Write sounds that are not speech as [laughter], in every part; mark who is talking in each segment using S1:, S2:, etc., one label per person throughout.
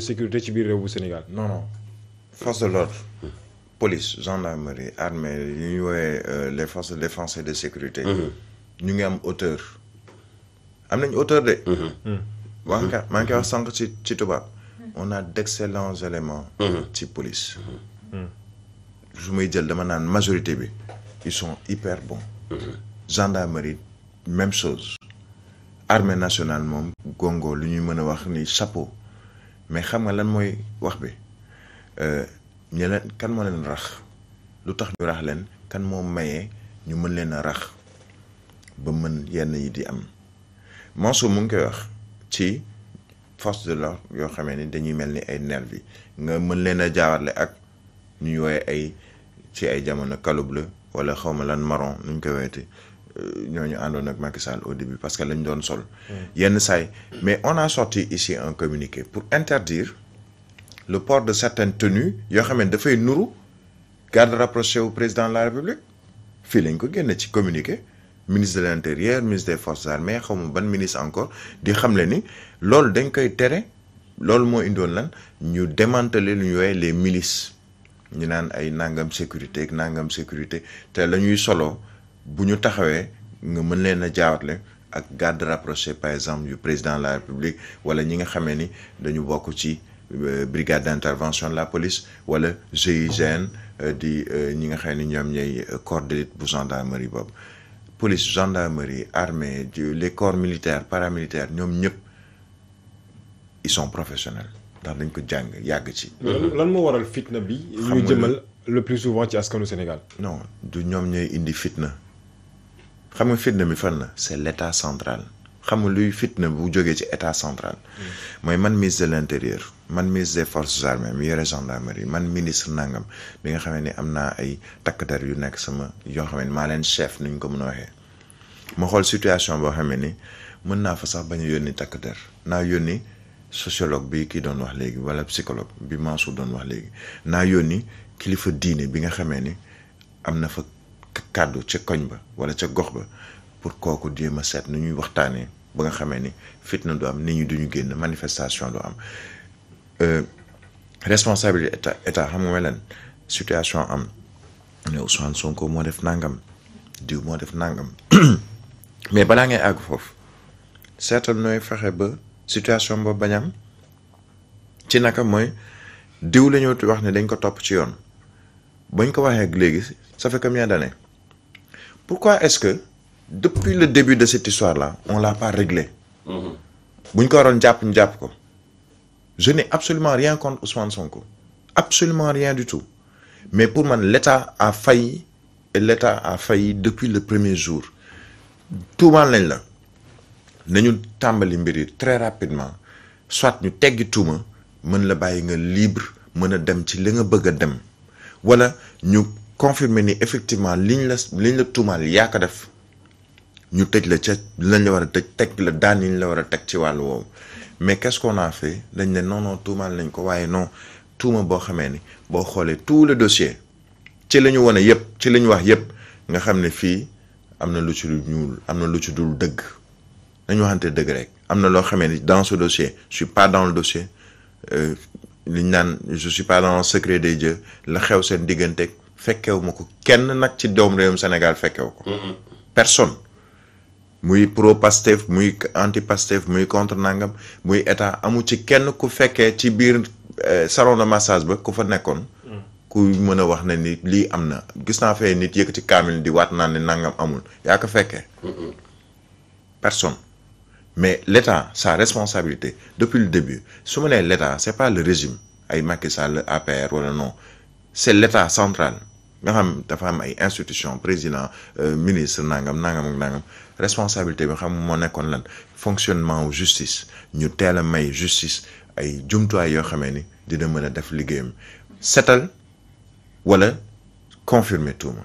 S1: sécurité ci biir réew bu Sénégal. non non force de l'ordre police gendarmerie armée li ñuy euh, les forces de défense et de sécurité. Mm-hmm. ñu ngi am hauteur. am nañ hauteur de. Mm-hmm. Mm-hmm. wax nga maa ngi koy wax sànq ci ci tubaab. on a d'excellents éléments. ci police. su may jël dama naan majorité bi ils sont hyper bons. gendarmerie même chose. armée nationale moom gongo lu ñuy mën a wax ni chapeau. mais xam nga lan mooy wax bi euh, ñu leen kan moo leen rax lu tax ñu rax leen kan moo mayee ñu mën leen a rax ba mën yenn yi di am Mansour mu ngi koy wax ci force de l'ordre yoo xamee ni dañuy mel ni ay nervi nga mën leen a jaawarle ak ñu ñu ay ci ay jamono caloble wala xawma lan marron nuñ koy wooyete Euh, ñoo ñu àndoon ak Macky Sall au début parce que lañu doon sol. Mm. yenn saay mais on a sorti ici en communiqué pour interdire le port de certaines tenues yoo xam ne dafay nuru garde rapproché au président de la république fii lañ ko génne ci communiqué ministre de l' intérieur ministre des forces armées xaw ma ban ministre encore di xamle ni loolu dañ koy tere loolu moo indoon lan ñu démanteler lu ñu woowee les milices ñu naan ay nangam sécurité ak nangam sécurité te la ñuy soloo. bu ñu taxawee nga mën leen a jaawatle ak garde rapproché par exemple yu président de la république wala ñi nga xamee ni dañu bokk ci euh, brigade d'intervention de la police wala GIGN euh, di euh, ñi nga xam ni ñoom ñooy corps d'élite bu gendarmerie boobu police gendarmerie armée les corps militaires paramilitaires ñoom ñëpp ils sont professionnel ndax dañ ko jàng yàgg ci. lan moo waral fitna bi. ñu jëmal le plus souvent ci askanu Sénégal. non du ñoom ñooy indi fitna. xam nga fitna bi fan na c' est l' état central xam nga luy fitna bu jógee ci état central. Mm. mooy man ministre de l' intérieur man ministre des forces armées mi yore man ministre nangam bi nga xamee ni am naa ay takk yu nekk sama yoo xam ne maa leen chef nuñ ko mën a waxee. ma xool situation boo xam ni mën naa fa sax bañ a yónni takk der naa yónni sociologue bi kii doon wax léegi wala psychologue bi Mansour doon wax léegi naa yónni kilifa diine bi nga xamee ni am na fa. kàddu ca koñ ba wala ca gox ba pour kooku jéem a seet nu ñuy waxtaanee ba nga xamee ni fitna du am ni ñu duñu génn manifestation du am euh, responsabilité état état xam nga leen situation am ne Ousmane Sonko moo def nangam diw moo def nangam [coughs] mais balaa ngay àgg foofu seetal nooy fexe ba situation ba bañ am ci naka mooy diw la ñu wax ne dañ ko topp ci yoon bañ ko waxee ak léegi safe fait combien d'années pourquoi est-ce que depuis le début de cette histoire-là on l'a pas réglé mm-hmm. bu ñu ko waroon jàpp ñu jàpp ko je n'ai absolument rien contre Ousmane Sonko absolument rien du tout mais pour man l'État a failli et l'État fay failli depuis le premier jour tuumaal nañ la nañu tàmbali mbir yi très rapidement soit ñu teggi tuuma mën la bàyyi nga libre mën a dem ci li nga bëgg a dem wala ñu confirmer ni effectivement liñ la liñ la tuumaal yaa ko def ñu tëj la ca lañ la war a tëj teg la daan yiñ la war a teg ci wàllu woowu mais quest a fait dañ ne non non tuumaal nañ ko waaye non tuuma boo xamee ni boo xoolee tous le dossier ci la ñu wane yëpp ci la ñu wax yëpp nga xam ne fii am na lu ci lu ñuul am na lu ci dul dëgg nañu waxante dëgg rek am na loo xamee ni dans ce dossier je suis pas dans le dossier euh, liñ naan je suis pas dans secret des dieux la xew seen diggante fekkewu ma ko kenn nag ci doom réewum Sénégal fekkewu ko. personne muy pro Pastef muy anti Pastef muy contre nangam muy état amu ci kenn ku fekkee ci biir eh, salon de massage ba ku fa nekkoon. Mm. ku mën a wax ne ni lii am na gis naa fee nit yëkkati kaamil di waat naa ne nangam amul yaa ko fekkee. personne mais l' sa responsabilité depuis le début su ma nee l' état est pas le régime ay Macky Sall APR wala non c' est l' état central. nga xam dafa am ay institution président euh, ministre nangam nangam ak nangam responsabilité bi xam moo nekkoon lan fonctionnement wu justice ñu teel a may justice ay jumtuwaay yoo xamee ni dina mën a def liggéeyam setal wala confirmer tuuma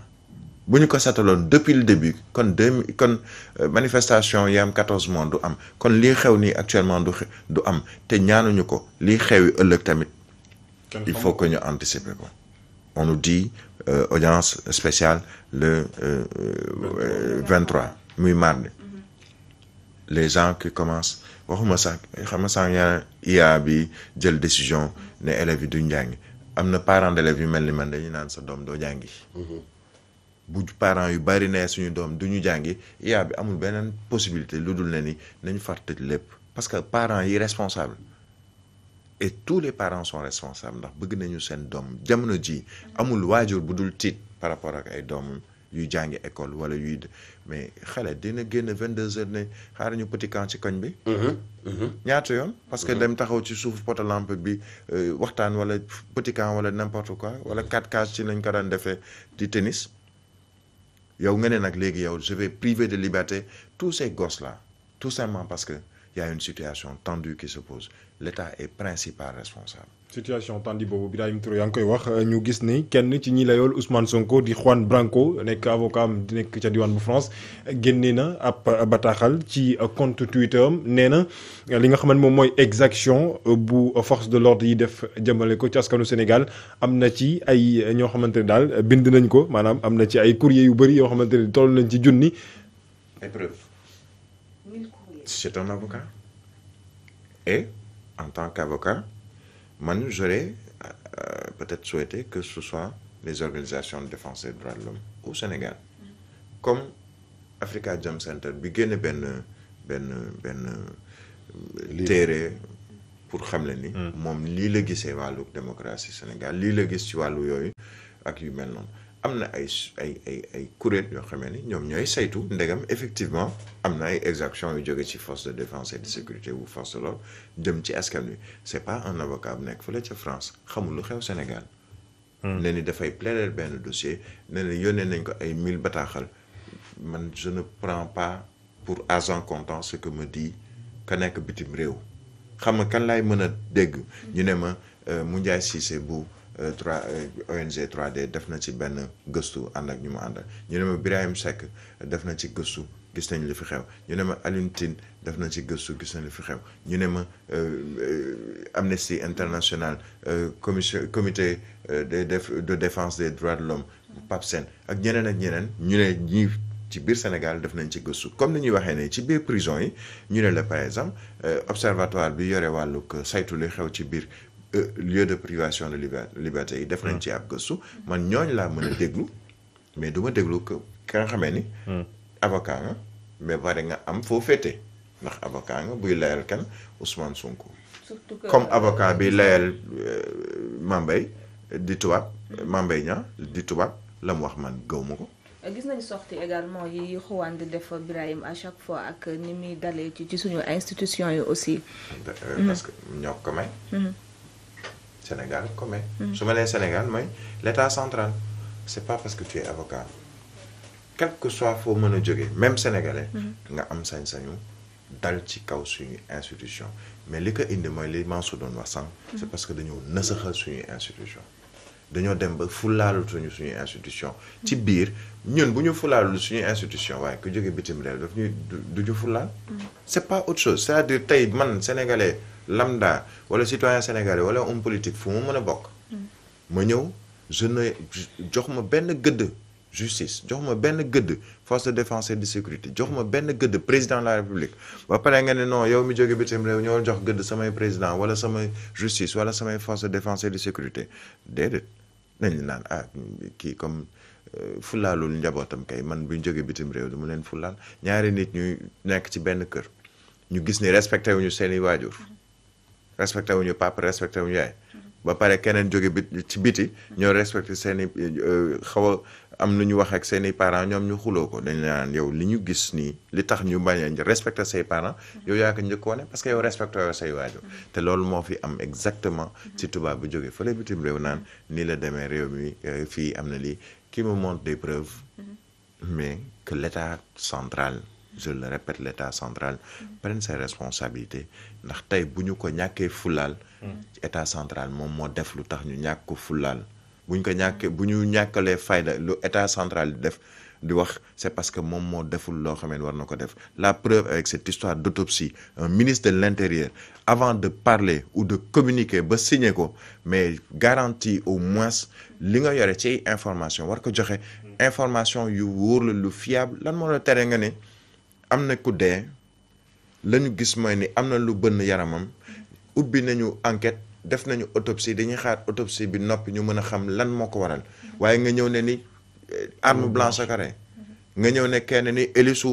S1: bu ñu ko setaloon depuis le début kon deux kon euh, manifestation yi am quatorze mois du am kon lii xew nii actuellement du du am te ñaanuñu ko lii xewi ëllëg tamit il faut que ñu anticiper ko on nous dit euh, audience spéciale le euh, 23 euh, muy mardi les gens qui commence waxuma sax xam nga sànq yaa IA bi jël décision ne élèves yi duñ jàngi am na parents d'élèves yu mel ni man dañuy naan sa doom doo jàngi. Mhm. bu parent yu bari nee suñu doom du ñu jàngi IA bi amul beneen possibilité lu dul ne ni nañu far tëj lépp parce que parents yi responsable. et tous les parents sont responsables ndax bëgg nañu seen doom jamono ji amul waajur bu dul tiit par rapport ak ay doom yuy jàngi école wala yuy mais xale dina génn deux heures ne xaaral ñu petit camp ci koñ bi. Mhm, mhm. ñaata yoon. parce que mhm. dem taxaw ci suuf poto lampe bi euh, waxtaan wala petit camp wala n'importe quoi wala quatre cases ci lañ ko daan defee di tennis yow nga ne nag léegi yow je vais priver de liberté tous ces gosses là tout simplement parce que. yaa une situation tendue qui se pose l'État est principal responsable. situation tendue boobu bi Birahim Touré yaa ngi koy wax ñu gis ni kenn ci ñi layool Ousmane Sonko di Juan Branco nekk avocat am di nekk ca diwaan bu France génnee na ab bataaxal ci compte Twitter am nee na li nga xamante moom mooy exaction bu force de l'ordre yi def jëmale ko ci Sénégal am na ci ay ñoo xamante ne daal bind nañ ko maanaam am na ci ay courrier yu bëri yoo xamante ne toll nañ ci junni. ay preuve c'est un avocat. Et en tant qu'avocat, man j'aurais euh, peut-être souhaité que ce soit les organisations de des droits de l'homme au Sénégal. Comme Africa Jam Center bi génne benn benn benn téere pour xam le ni hmm. moom lii la gisee wàllu démocratie Sénégal lii la gis ci wàllu yooyu ak yu mel noonu am na ay ay ay ay kuréel yoo xamee ni ñoom ñooy saytu ndegam effectivement am na ay exactions yu jóge ci force de défense et de sécurité wu force de l'ordre jëm ci askan wi c'est pas un avocat bu nekk fële ca France xamul lu xew Sénégal hmm. ne ni dafay plaider benn dossier ne ni yónnee nañ ko ay mille bataaxal man je ne prends pas pour argent comptant ce que ma di ka nekk bitim réew xam nga kan laay mën a dégg hmm. ñu ne ma euh, mu njaay Cissé bu 3 ONG 3D def na ci benn gëstu ànd ak ñu mu ànd ak ñu ne ma Birahim Seck def na ci gëstu gis nañ li fi xew ñu ne ma Alioune def na ci gëstu gis nañ li fi xew ñu ne ma euh, euh, Amnesty International euh, commission comité de de défense des droits de l'homme PAPSEN ak ñeneen ak ñeneen ñu ne ñi ci biir Sénégal def nañ ci gëstu comme ni ñuy waxee nii ci biir prison yi ñu ne la par exemple observatoire bi yore wàllug saytu luy xew ci biir lieu de privation de liberté yi def nañ ci ab gëstu man ñooñ laa mën a déglu mais du ma déglu que ka nga xamee ni hmm. avocat nga mais bare nga am foo féete ndax avocat nga buy layal kan Ousmane Sonko comme avocat bi layal euh, Mambay di tubaab hmm. Mambay ñaa di tubaab la mu wax man gëw ma ko gis nañu sorti également yi xuwaan di def Birahim à chaque fois ak ni muy dalee ci suñu institution yi aussi euh, parce que may hmm. Sénégal comme su ma nee Sénégal mooy l'état central c'est pas parce que tu es avocat quel que soit foo mën a jógee même sénégalais. Mm-hmm. nga am sañ-sañu dal ci kaw suñu institution mais li ko indi mooy li Mansour doon wax sànq. c'est mm-hmm. parce que dañoo nasaxal suñu institution. dañoo dem ba fulaalutuñu suñu institution. ci mm-hmm. biir ñun bu ñu fulaalul suñu institution waaye ku jógee bitim réew daf ñuy du ñu fulaal. c'est pas autre chose c'est-à-dire tey man sénégalais. lambda wala citoyen sénégalais wala homme politique fu mu mën a bokk. ma ñëw je jox ma benn gëdd justice jox ma benn gëdd force de défense et de sécurité jox ma benn gëdd président de la république ba pare nga ne non yow mi jóge bitim réew ñoo jox gëdd samay président wala sama justice wala samay force de défense et de sécurité déedéet nañu naan ah kii comme. Euh, fulaalul njabootam kay man bu jóge bitim réew du mu leen fulaal ñaari nit ñuy nekk ci benn kër ñu gis ni respecté wuñu seeni waajur respecté wuñu papa respecté wuñu yaay ba pare keneen jóge bi ci biti ñoo respecté seeni i euh, xaw a am lu ñu wax ak seen i parents ñoom ñu xuloo ko dañ naan yow li ñu gis nii li tax ñu bañ a respecté say parents yow yaa ko njëkk wane parce que yow respecté say waajur te loolu moo fi am exactement ci tubaab bu jóge fële bitim réew naan nii la demee réew mi fii am na lii qui me montre des preuves mm-hmm. mais que l'état central je le répète l'état central prenne ses responsabilités ndax tey bu ñu ko ñàkkee fulaal état central moom moo def lu tax ñu ñàkk ko fulaal bu ñu ko ñàkkee bu ñu ñàkkalee fayda lu état central di def di wax c'est parce que moom moo deful loo xam ne war na ko def la preuve avec cette histoire d'autopsie un ministre de l'intérieur avant de parler ou de communiquer ba signee ko mais garantie au moins li nga yore ci information war ko joxe information yu wóor la lu fiable lan moo la nga ne am na ku lañu gis mooy ni am na lu bënn yaramam ubbi nañu enquete def nañu autopsie dañuy xaar autopsie bi noppi ñu mën a xam lan moo ko waral waaye nga ñëw ne ni eh, arme blanche ko rey nga ñëw ne kenn ni hélice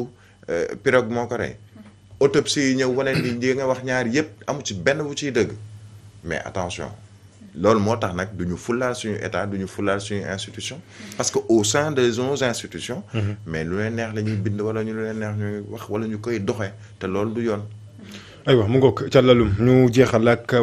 S1: eh, pirogue moo ko rey autopsie yi ñëw wane ni li nga wax ñaar yépp amu ci benn bu ciy dëgg mais attention lool moo tax nag du ñu fulaal suñu état du ñu fulaal suñu institution parce que au sein de nos institutions mm-hmm. mais lu leen neex la ñuy bind wala ñu lu leen neex ñuy wax wala ñu koy doxee te loolu du yoon aywa mu ngoog càllalum ñu jeexal ak